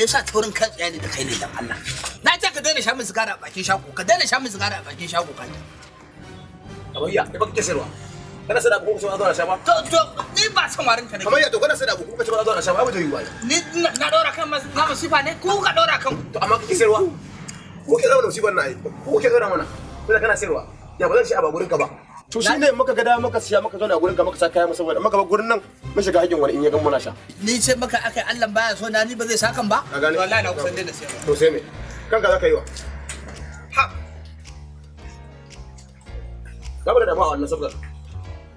me yasa taurin kan tsaya ne da kai ne dan Allah na ce ka daina sha min sigara a bakin shago ka daina sha min sigara a bakin shago ka abayya ba baka kisirwa kana sada buku sai zo na sha ba to to ni ba samarin ka ne abayya to kana sada buku kuma zo na sha ba ba to yi wai ni na dora kan masu na musifa ne ku ka dora kan to amma ka kisirwa ko ke zama da musibar ai ko ke dora mana kuma kana sirwa ya ba zan shi a ba gurin ka ba to shine muka ga da muka siya muka zauna na gurin ka muka sa kaya masa wani muka ba gurin nan mun shiga hakin wani in ya gan muna sha ni ce maka akai Allah baya so na ni ba zai kan ba wallahi na kusan daina sai to sai me kanka zaka yi wa ha gaba da ba wannan sabgar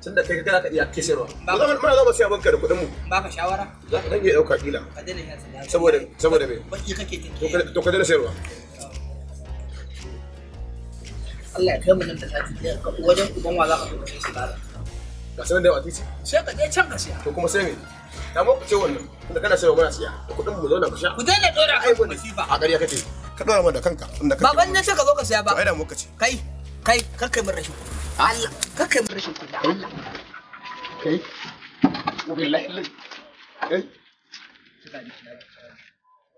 tunda kai ka ka iya kisirwa ba za mu mu sai banka da kuɗin mu ba ka shawara za ka dage dauka kila ka daina saboda saboda me baki kake take to ka daina Allah ya kai mu nan da sati wajen uban za ka shi ba ga sanar da yawa titi sai ka je can ka siya to kuma sai me ta mu ce wannan tunda kana sayarwa mana siya kuɗin mu zauna ku sha ku daina dora kai a ƙarya kake ka dora mana da kanka tunda kake baban nan sai ka zo ka siya ba kai da mu kace kai kai kai min rashin kuɗi Allah kai min rashin kuɗi Allah kai wallahi kai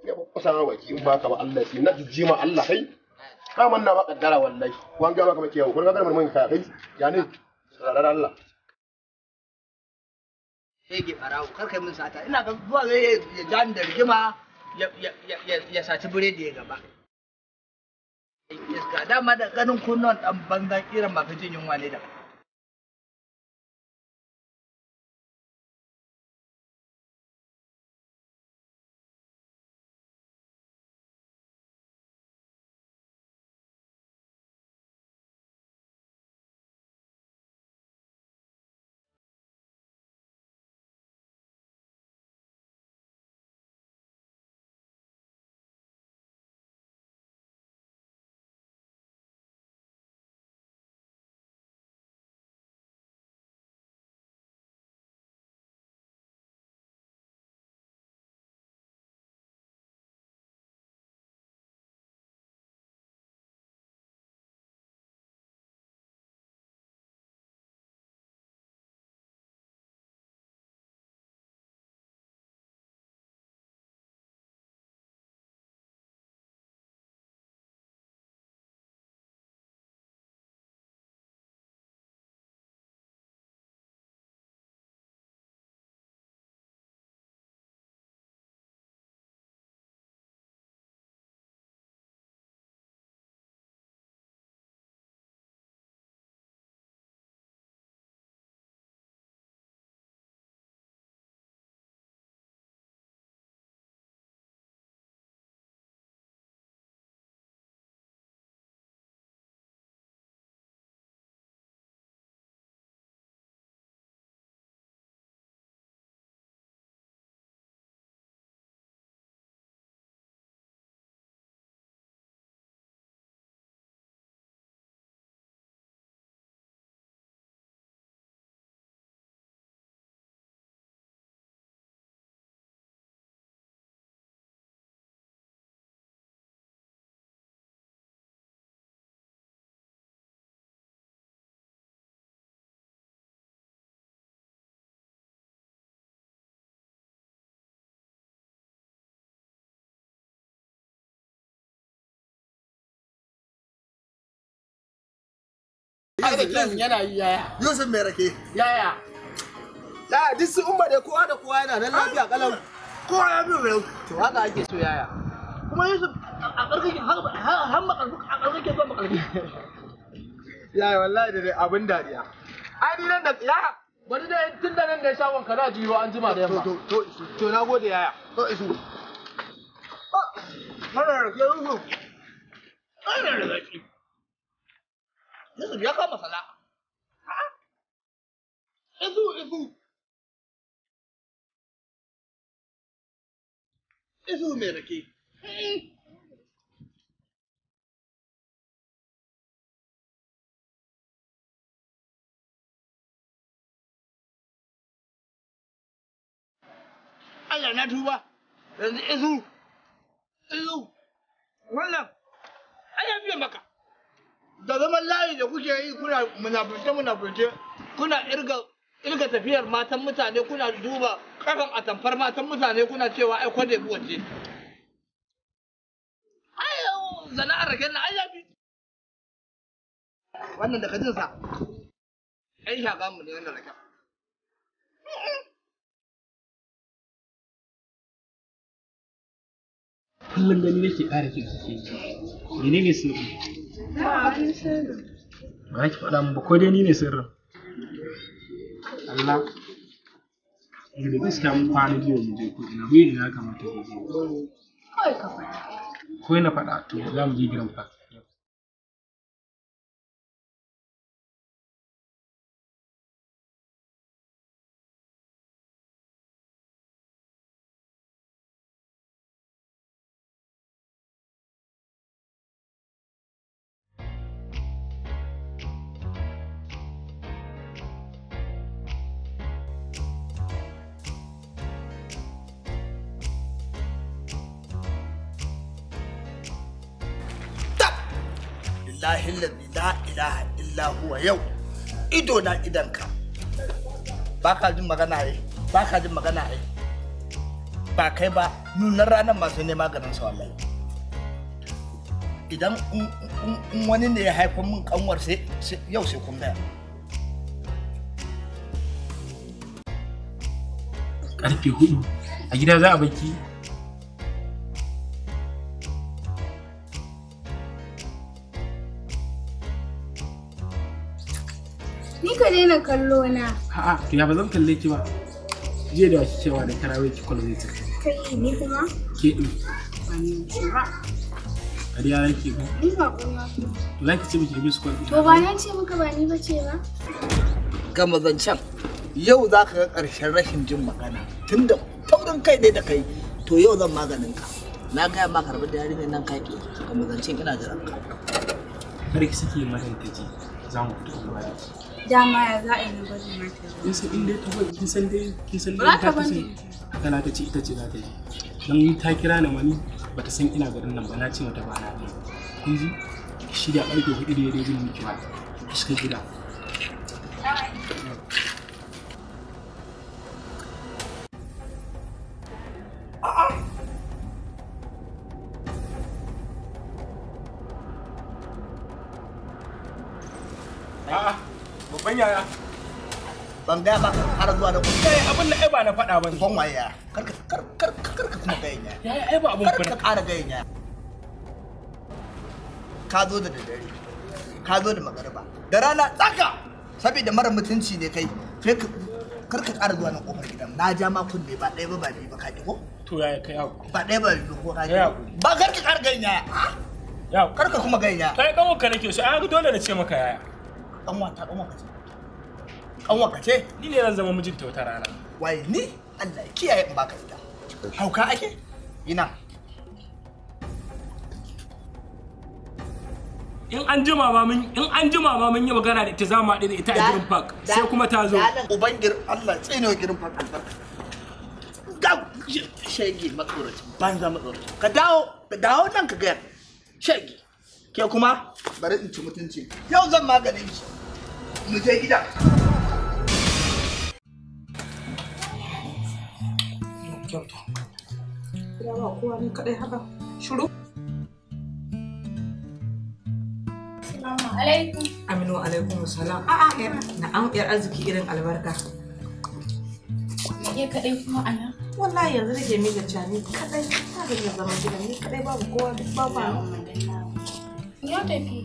ya kusa waki in baka ba Allah sai na jijjima Allah kai ka manna ba kaddara wallahi wanga baka ba kiyawo kun ga garmar mun kai ya ne Allah shege barawo kar kai min sata ina ga zuwa zai ya ja da rigima ya saci biredi ya gaba ga dama da ganin kunnon dan bangan irin mafi jin yunwa ne da ba yana yi yaya yusuf mai rake yaya da duk su umma da kowa da kowa yana nan lafiya kalau kowa ya biyu rau to haka ake so yaya kuma yusuf a karkashin har makarfi a karkashin zuwa makarfi yaya wallahi da dai abin dariya ai ni nan da yaya bari da tun da nan da shagon ka za jiyo an jima da yamma to to na gode yaya to isu Hana ah, rake yusuf. Hana rake. Yusuf ya kama sana'a. Izu Isu, isu, mai rake. Allah na duba yanzu isu, isu, wannan ai ya biya maka da zaman layi da kuke yi kuna munafurce munafurce kuna irga irga tafiyar matan mutane kuna duba kafan atamfar matan mutane kuna cewa ai kwade buwa ce ayo sana'ar ragen na ai wannan da kajin sa ai shaga mu ne wannan raka kullum gani nake ƙara kin ne ne sulhu Ba ki faɗa ba ko dai ni ne sirrin. Allah. Da gaskiya mun kwana biyu mu je ko ina bai ina kamata mu je. Kawai ka faɗa. Ko na faɗa to za mu je gidan fa. billahi la ilaha illa huwa yau ido na ba ka jin magana ai ba ka jin magana ai ba kai ba nunar ranar masu ne maganin sa wallahi idan in wani ne ya haifa min kanwar sai yau sai kun gaya karfe hudu a gida za a baki kallo na a'a to ya ba zan kalle ki ba jiya da wasu cewa da tarawih ki kwallo zai tafi kai ni kuma ke din ba ni ba Ari ya ranke ba? Ni ba kuma. To za ki ce miki bi su To ba nan ce muka ba ni ba ce ba. Ga mazancan yau za ka ga ƙarshen rashin jin magana tunda taurin kai ne da kai to yau zan maganin ka. Na gaya ma karɓar da yarinyar nan ka ke ga mazancin ina jiran ka. Kar ki sake mata ta ji za mu fito da dama ya za a yi na bari mata kin ta kin san dai kin san dai ta ta ita ce za ta yi dan ta kira ni wani bata san ina garin nan ba na ce mata ba na ne kun ji shirya karfe hudu da ya dai bin miki ba ki gida gaya ba har zuwa da kuɗi. Kai abin da ai ba na faɗa ba ne. Kwan waye ya. Karka ka kuma gayin ya. Ya ai ba abin kuɗi. Karka ƙara gayin ya. Ka zo da daddare. Ka zo da magariba. Da rana tsaka. Saboda mara mutunci ne kai. Sai ka kar ka ƙara zuwa na ƙofar gidan. Na ja ma kunne ba ɗaya ba ba biyu ba ka ko? To yaya kai haku. Ba ɗaya ba biyu ko ka Ba ka ƙara gayin ah! ya. Karka kuma gayin ya. Kai ɗan wanka nake so. Ai dole na ce maka yaya. Ɗan wata ɗan wanka ce. an ka ce ni ne zan zama mijinta wata rana wai ni Allah ya kiyaye in baka ita hauka ake ina in an jima ma mun in an jima ma mun yi magana da ita zamu haɗu da ita a girin park sai kuma ta zo uban gir Allah tsine wa girin park albarka ga shege matsoroci banza matsoroci ka dawo ka dawo nan ka ga shege ke kuma bari in ci mutunci yau zan maganin ki mu je gida kyauta ya kowa ne kadai haka shiru Assalamu alaikum. Aminu yar arziki irin albarka. Ke kadai kuma nan. Wallahi yanzu nake mika cani Kaɗai Ta ga zama gidan ni kaɗai babu kowa duk babu. tafi.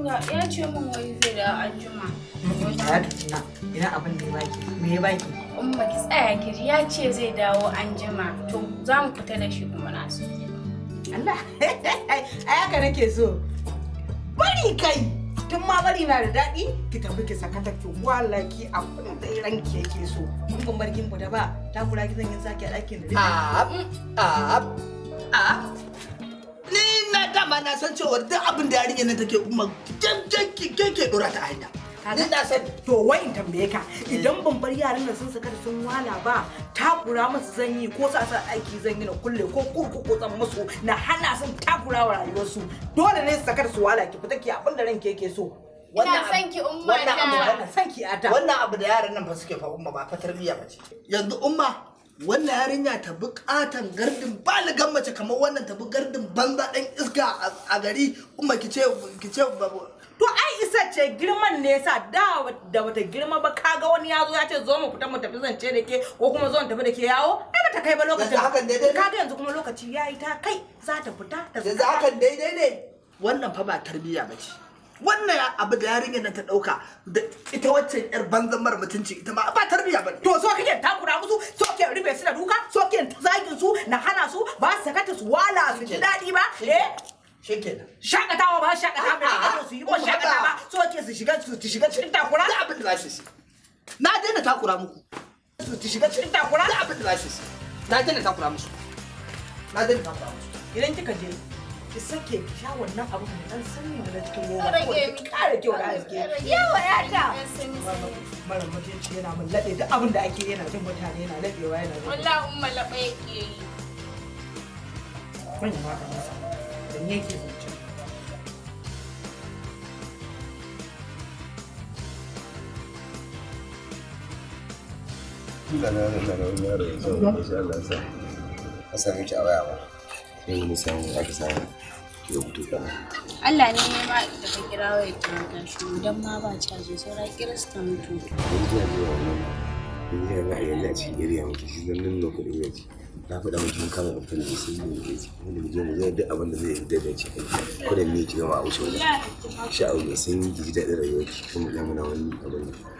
Mutum ya ce min zai anjima. ina abin da ya baki, me ya baki? In baki tsaya kiri ya ce zai dawo anjima, to za mu fita da shi kuma na so. Allah, ai haka nake so. Bari kai, tun ma bari na da daɗi, ki tafi ki ta ki walaki abin da ranki yake so. Mun ban barkin ku da ba, ta kura ki zan yi sake a ɗakin da. A a a na dama na san cewa duk abin da yarinya nan take kuma kyan ke dora ta hanya ni na san to wai in tambaye ka eh. idan ban bar yaran nan sun saka da sun wala ba takura musu zan yi ko sa sa aiki zan yi na kulle ko ko tsan musu na hana sun takura wa rayuwarsu dole ne su saka da su wala ki fita ki abin da ranke yake so wannan san ki umma wannan abu da yaran nan ba suke fa umma ba fa tarbiyya ba ce yanzu umma wannan yarinya ta bi katon gardin baligan mace kamar wannan ta bi gardin banza ɗan iska a gari kuma ki ce babu to ai isa ce girman ne yasa da da wata girma ba kaga wani ya zo ya ce zo mu fita mu tafi zance da ke ko kuma zo mu tafi da ke yawo ai ta kai ba lokacin hakan daidai kaga yanzu kuma lokaci yayi ta kai za ta fita ta yanzu hakan daidai ne wannan fa ba tarbiyya bace wannan abu da yarinyar nan ta dauka da ita wacce yar banzan mara mutunci ita ma ba tarbiya ba to so kake takura musu so kike rufe su da duka so kike zagin su na hana su ba su sakata su wala su ji dadi ba eh shekenan shakatawa ba shakata ba su yi ba ba so ke su shiga su shiga cikin takura da abin da za shi na daina takura muku su shiga cikin takura da abin da za shi na daina takura musu na daina takura musu idan kika je ki sake ki sha wannan abu mai dan sanyi da cikin goma ko ki kara kyau da haske yawa ya ta mara mutunci yana mun laɓe duk abin da ake yana jin mutane yana laɓewa yana laɓe wallahi umma laɓe yake yi kun ma ka masa yake zuci Allah na Allah na Allah na Allah na Allah na Allah na Allah na Allah na Allah na Allah na Allah na Allah na Allah na na na na na na na na na na na na na na yanzu mun samu aka samu ya fito kana Allah ne ya ma da ka kira wai ta ta shi dan ma ba caji saura kirista mutu yanzu ya ji wannan yanzu ya ga yanzu a cikin area mutu shi zan nuna da yaji na faɗa mutum kama abin da sai mu yi ji wanda mu je mu zai duk abin da zai yarda da shi kuɗin ne ki gama a wuce wani sha'awar sun ji daɗin rayuwa kuma da muna wani abin da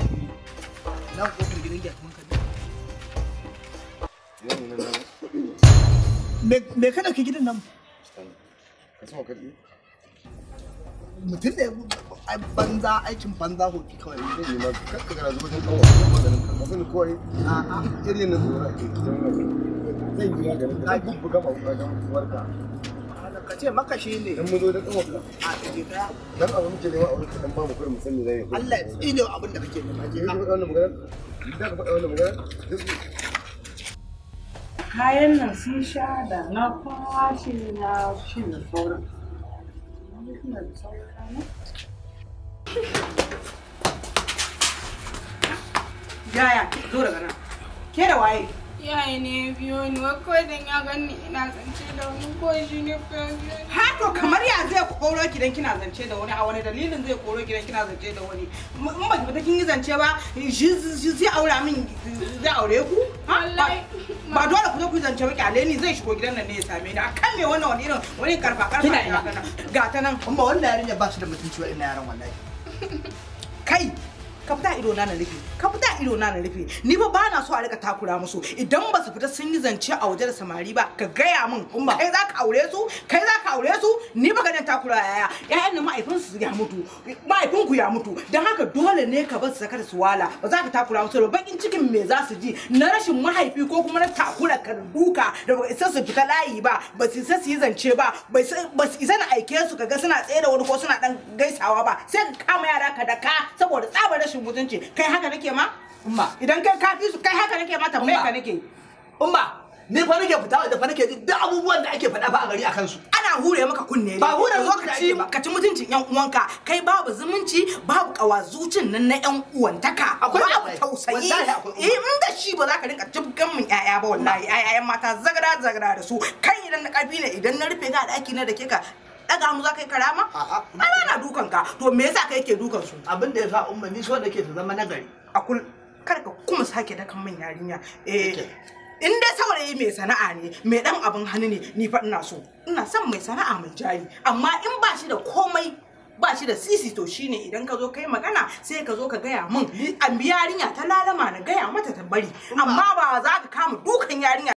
me kana ka gidan nan mutum banza aikin banza hoki kawai zai yi ma kakka gara zuwa jin kawai a irin na zuwa zai yi ya gani gubu warka ka ce maka shi ne dan muzo da a dan abu muke nema a dan ba mu kurin musamman zai yi Allah ya tsine abin da kake nema ka faɗa wannan magana ka faɗa wannan magana kayan nan sun sha da na kwashe na shi da sauran yaya zo daga nan ke da waye Iyaye ne ya biyo ni, wai kawai dan ya ganni ina zance da wani ko shi ne ya biyo Ha to kamar ya zai koro gidan kina zance da wani a wani dalilin zai koro gidan kina zance da wani. In ba ki kin yi zance ba, shi zai aura min zai aure ku? Wallahi. Ba dole ku zo ku zance ba kyale ni zai shigo gidan nan ne ya same ni. Akan me wannan wani irin wani karfa karfa ga ta nan. Ga ta nan. Kuma wannan yarinya ba su da mutunci wa ina yaran wallahi. Kai ka fita ido na na rufe ka fita ido na na rufe ni ba bana so a rika takura musu idan ba su fita sun yi zance a waje da samari ba ka gaya min umma kai za ka aure su kai za ka aure su ni ba ganin takura yaya yayan nan ma'aifin su ya mutu ma'aifin ku ya mutu dan haka dole ne ka bar su saka su wala ba za ka takura musu ba bakin cikin me za su ji na rashin mahaifi ko kuma na takura ka duka da ba isa su fita layi ba ba su isa su yi zance ba ba su isa na aike su ka ga suna tsaye da wani ko suna dan gaisawa ba sai ka kama yara ka da ka saboda tsabar rashin mutunci kai haka nake ma umma idan kai ka fi su kai haka nake ma tambaye ka nake umma ni fa nake fita da fa nake duk abubuwan da ake faɗa fa a gari akan su ana hure maka kunne ba hure zo ka ci ka ci mutuncin yan uwanka kai babu zumunci babu kawazucin nan na yan uwantaka akwai babu tausayi eh in da shi ba za ka rinka jibgan mun yaya ba wallahi yayan mata zagara zagara da su kai idan na karfi ne idan na rufe ga ake na da ke ka daga mu za ka yi karama ai ba na dukan ka to me yasa kai yake dukan su abin da yasa umma ni so nake ta zama nagari A akul kar ka kuma sake dakan min yarinya eh in dai saurayi mai sana'a ne mai dan abin hannu ne ni fa ina so ina son mai sana'a mai jari amma in ba shi da komai ba shi da sisi to shine idan ka zo kai magana sai ka zo ka gaya mun. an yarinya ta lalama na gaya mata ta bari amma ba za ka kama dukan yarinya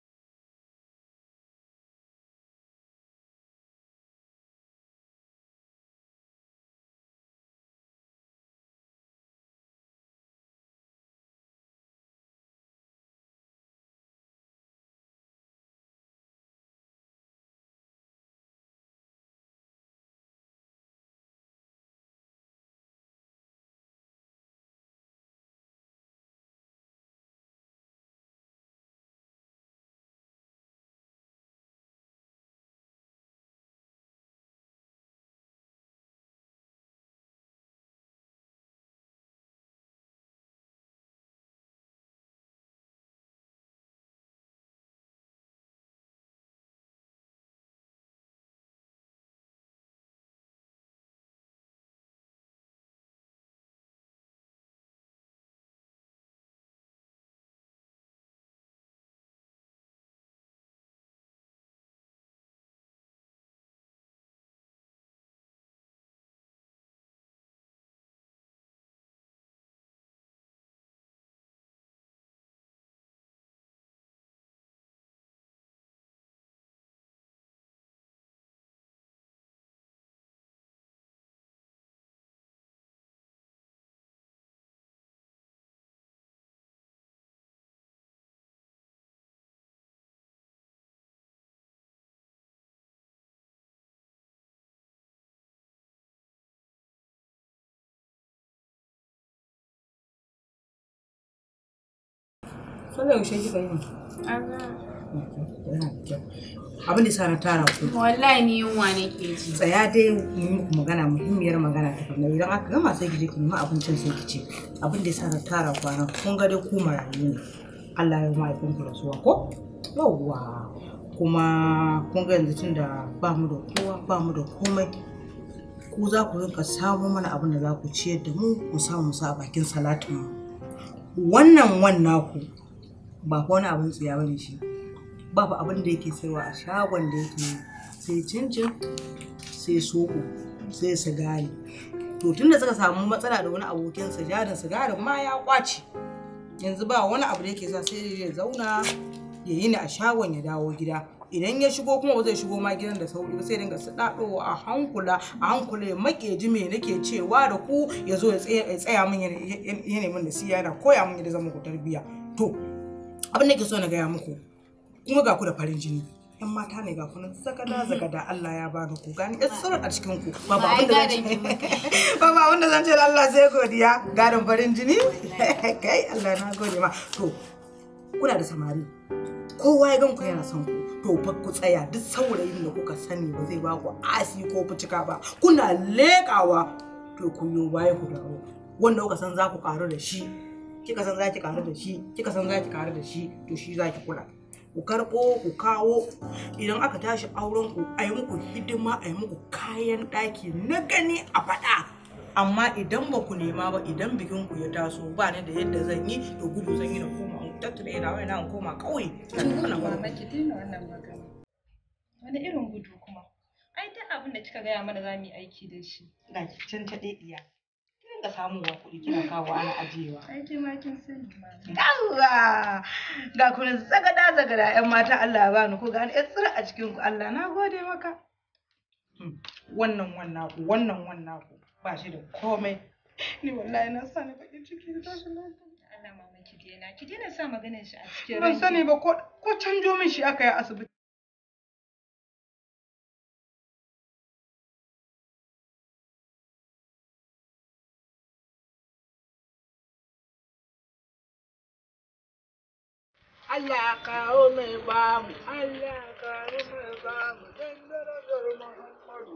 sallar yaushe kika yi abin da sana tara ku wallahi ni yunwa nake ji tsaya dai mu muku magana muhimmiyar magana ta kuma idan aka gama sai ki je ki nemi abincin sai ki ci abin da sana tara ku nan kun ga dai ku marayu ne Allah ya mai kun da suwa ko yawwa kuma kun ga yanzu tunda ba mu da kowa ba mu da komai ku za ku rinka samo mana abin da za ku ciyar da mu ku samu sa a bakin salatin mu wannan wannan ku ba wani abin tsiya bane shi babu abin da yake saiwa a shagon da yake sai cincin sai soko sai sigari to tunda suka samu matsala da wani abokinsa jarin sigarin ma ya kwace yanzu ba wani abu da yake sa sai ya zauna ya yi ni a shagon ya dawo gida idan ya shigo kuma ba zai shigo ma gidan da sauri ba sai dinga su daɗowa a hankula a hankula ya make ji me nake cewa da ku ya zo ya tsaya min ya da siya yana koya min yadda zama ku tarbiya to abin da ke so na gaya muku kuma ga ku da farin jini yan mata ne ga kunan zakada mhm. zakada Allah ya bani ku gani ɗan sauran a cikin ku ba ba da zan ce ba ba da zan ce Allah sai godiya gadon farin jini kai Allah na gode ma to kuna da samari kowa ya gan yana son ku to fa ku tsaya duk saurayin da kuka sani ba zai ba ku asi ko fitika ba kuna lekawa to ku yo baya ku dawo wanda kuka san za ku karu da shi kika san zaki karu da shi kika san zaki karu da shi to shi zaki kula ku karɓo ku kawo idan aka tashi auren ku a muku hidima a muku kayan ɗaki na gani a faɗa amma idan ba ku nema ba idan bikin ku ya taso ba ni da yadda zan yi to gudu zan yi na koma in tattare yana wani na koma ƙauye wani irin gudu kuma ai duk abin da kika gaya mana zamu yi aiki da shi ga can ta dinga samun kuɗi kina kawo ana ajiyewa. Ai ke ma kin sani ma. Yawwa! Ga ku zagada zagada ƴan mata Allah ya ni ko ga ni tsira a cikin ku Allah na gode maka. Hmm, wannan wannan ku wannan wannan ku ba shi da komai. Ni wallahi na sani ni bakin ciki da tashin lafiya. Allah mamaki ki daina ki dena sa maganar shi a cikin ran. Ban sani ba ko canjo min shi aka yi asibiti. Allah ka mai ba mu Allah ka mai ba mu dan darajar Muhammadu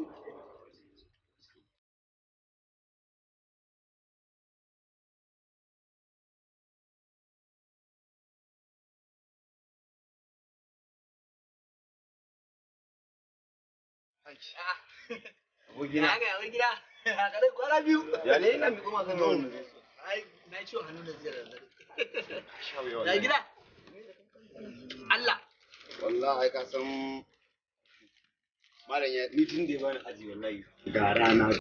Wugina. Ya wugina. Haka da kwana biyu. Ya ne ina mi kuma kan yau. Ai na ciwo hannu da ziyara. Na gida. Allah wallahi ka san malam ya ni da ya bani aji wallahi ga rana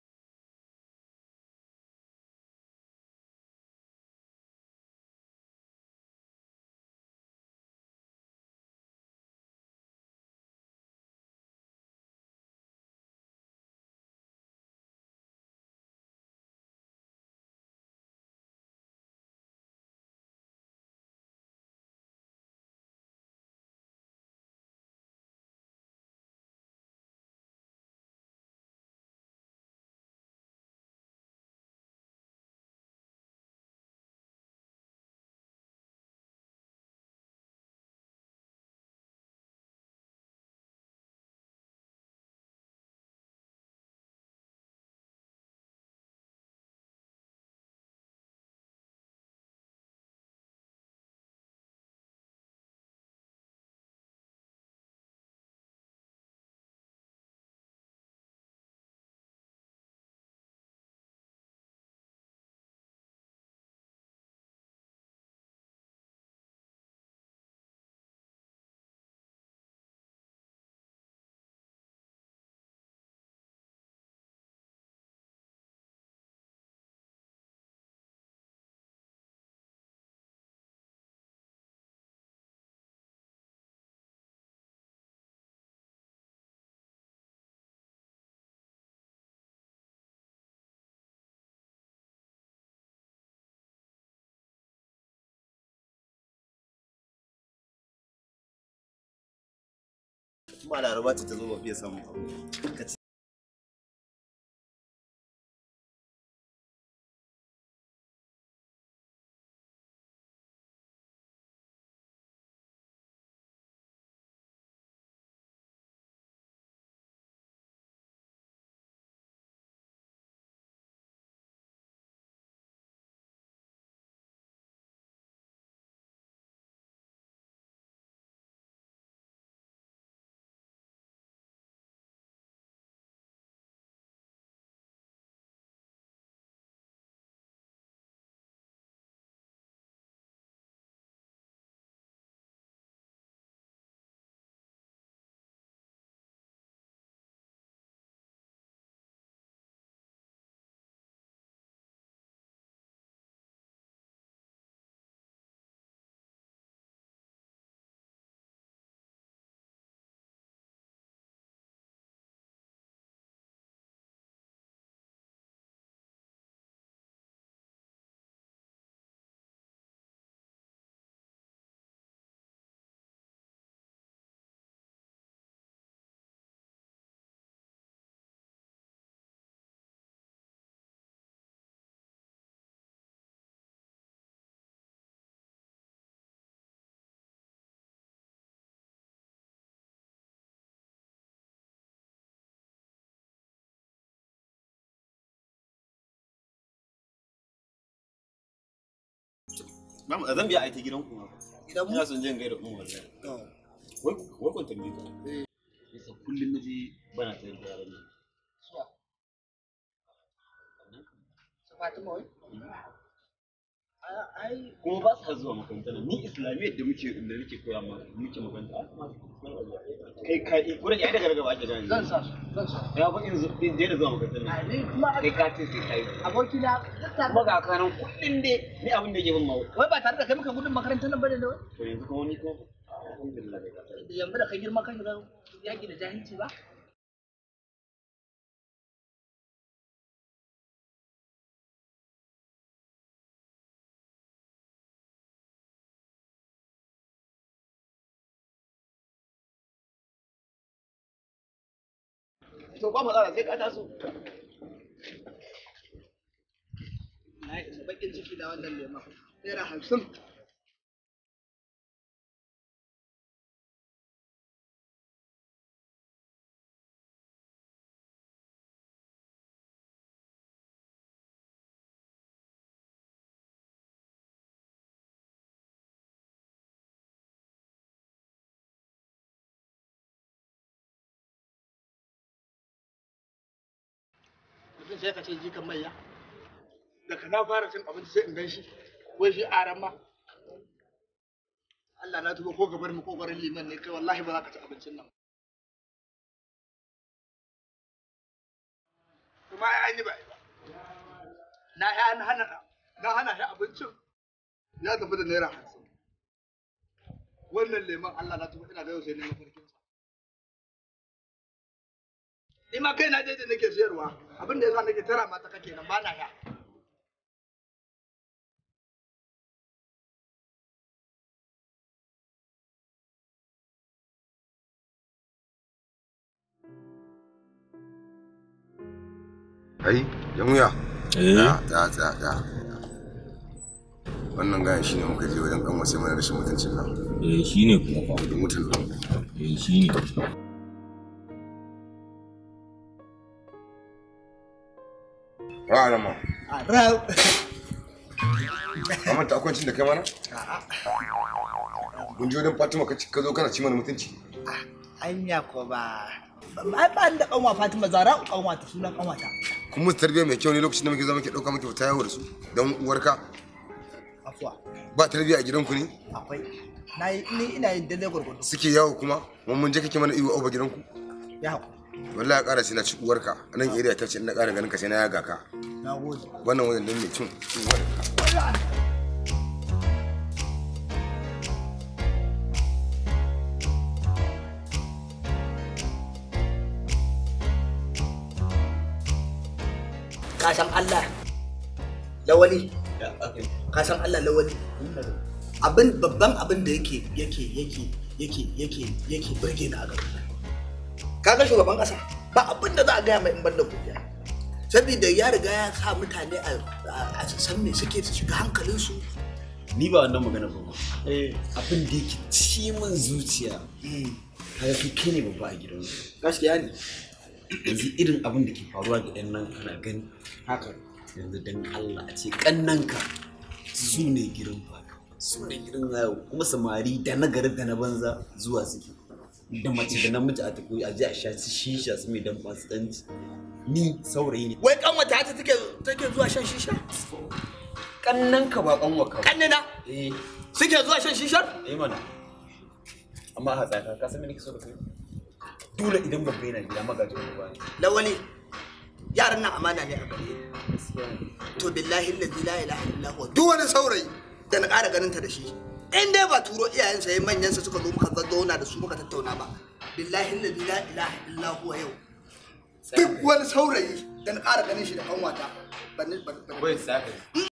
ba laraba ta zo ba fiye samu zan biya a ita gidan kuma gidan mu ina son jin gaida kuma wallahi wai wai kun tambaye ka eh. yasa kullun naje bana tsayar da yaran nan Fatima wai? Hmm. kuma ba sa zuwa makaranta ni islamiyyar da muke da nake koya ma muke makaranta kai ka gurin eh, ya daga gaba ake zan sa zan sa ya da zuwa ne kuma kai ka ce sai kai aboki na ga kanan ne ni abin da yake bin wai ba tare da kai muka gudun makarantar nan bane wai to yanzu kuma ni ko alhamdulillah da girma yaki da jahilci ba to ba matsala sai ka taso na yi bakin ciki da wannan lemon naira hamsin sai ka ce jikan mai ya daga na fara cin abinci sai in gan shi wai shi aran ma Allah na tuba ko gabar mu ko garin liman ne kai wallahi ba za ka ci abincin nan kuma ai an yi ba na ya, hana na hana shi abincin ya tafi da naira hamsin wannan leman Allah na tuba ina ga yau sai na mafarki ni ma kai na je da nake siyarwa abin da yasa nake tara mata kake nan ba na ya ai jamuya ya eh. ya ya wannan gayan shi ne muka je wajen kan wasu mana rashin mutuncin nan eh shi ne kuma fa Mutuncin. eh shi ne Ra ana Amma ta da kai mana? Mun ji Fatima ka zo kana ci mana mutunci. Ah, anya ko ba. Ai ba da kanwa Fatima zara kanwa ta sunan kanwa ta. Kun musu tarbiyya mai kyau ne lokacin da muke zama ke dauka muke fita yawo da su uwarka. Afuwa. Ba tarbiyya a gidanku ne? Akwai. Na ni ina yin Suke yawo kuma mun mun je kake mana iwo a gidanku. wallahi ƙara sai na ci uwarka nan area ta ce ina ƙara ganin ka sai na yaga ka nagode wannan wajen don mai cin uwarka ka Allah lawali ka san Allah lawali abin babban abin da yake yake yake yake yake yake burge ni a gaba kaga shugaban kasa ba abin da za a gaya mai in ban da godiya saboda ya riga ya sa mutane a san me suke su shiga su. ni ba wannan magana ba eh. abin da yake ci min zuciya kaga kai kai ne babba a gidan gaskiya ne yanzu irin abin da ke faruwa ga yan nan kana gani haka yanzu dan Allah a ce kannanka su ne girin fa su ne girin zayo kuma samari da nagari da na banza zuwa suke da mace da namiji a tuku a ji a sha su shisha su mai dan fasikanci ni saurayi ne wai kan wata ta take take zuwa shan shisha kannan ka ba kan waka na eh suke zuwa shan shisha eh mana amma a tsaka ka san me nake so da kai dole idan ban bayyana gida magajin ba lawali yaran nan amana ne a gare to billahi la ilaha illa huwa wani saurayi da na ƙara ganin ta da shi in dai ba turo iyayensa ya manyansa suka zo muka zauna da su muka tattauna ba billahi la ilaha illa huwa yau duk wani saurayi dan ƙara ganin shi da kanwata ban ban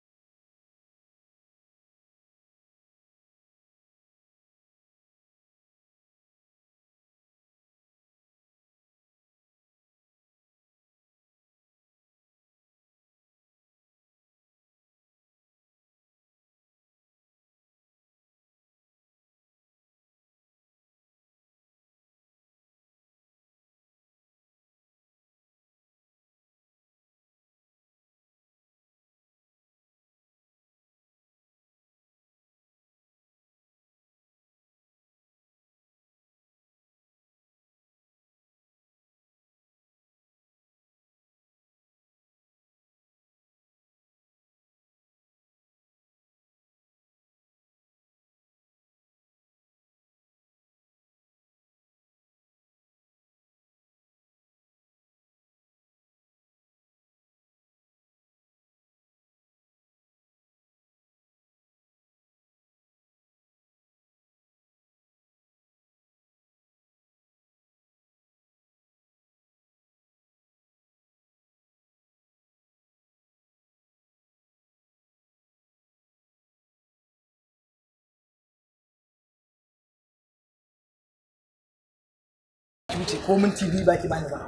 minti ko minti biyu baki bani ba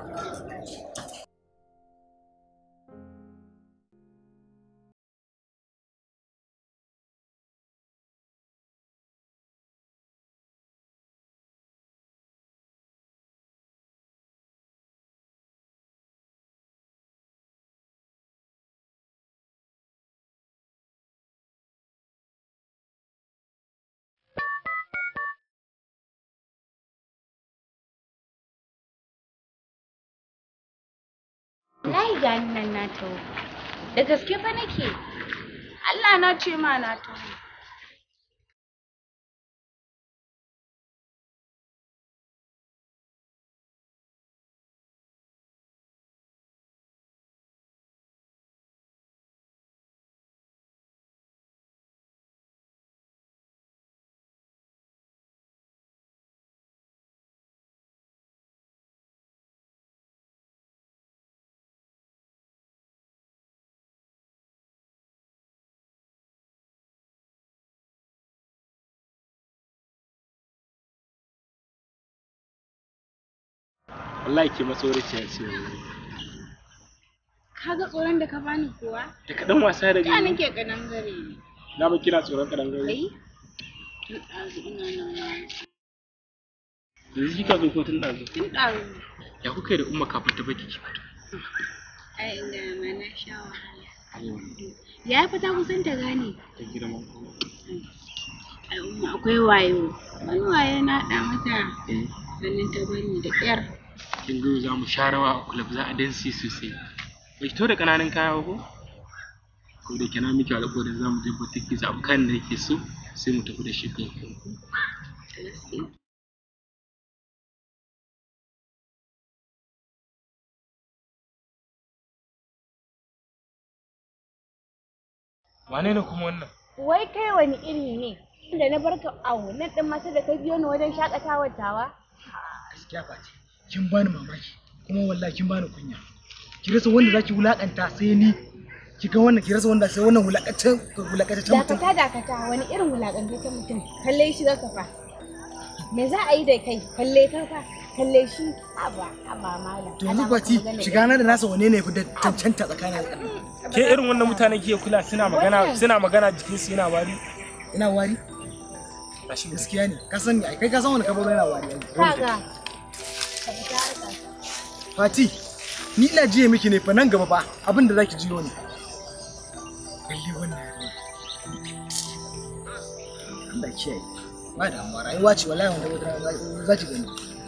wallahi gani nan na taho da gaske fa nake Allah na ce ma na taho wallahi ke matsoraciya ce wallahi ka ga tsoron da ka bani kuwa da kaɗan wasa da gani ke kaɗan gare ne na ba kina tsoron kaɗan gare yanzu kika zo ko tun ɗazu tun ɗazu ya kuka da umma kafin ta baki ki fito ai sha wahala ya ta kusan ta gane ta girma ai umma akwai wayo wani wayo na ɗa mata eh. sannan ta bani da ƙyar kin ga za mu sha rawa a club za a dansi sosai ba ki da ƙananan kaya ba ko ko da kana miki alƙawarin za mu je boutique za mu kan da yake so sai mu tafi da shi kai Wane ne kuma wannan? Wai kai wani iri ne, inda na barka a wannan ɗin mata da ka biyo ni wajen shakatawa. tawa? Gaskiya ba ce. kin bani mamaki kuma wallahi kin bani kunya ki rasa wanda zaki wulakanta sai ni ki ga wannan ki rasa wanda sai wannan wulakata ta mutum dakata dakata wani irin ta mutum kalle shi zaka fa me za a yi da kai kalle ka fa kalle shi haba haba malam to yanzu kwati shiga na da nasa wane ne fa da cancanta tsakanin ke irin wannan mutane ke kula suna magana suna magana jikin su yana wari ina wari gaskiya ne ka san kai ka san wani kabo yana wari ga Fati, ni ina jiye miki ne fa nan gaba ba abin da zaki jiyo ne. Lalle wannan yarinya. Allah kiyaye. Ba da, amma rayuwa ce wallahi wanda wata za ki gani.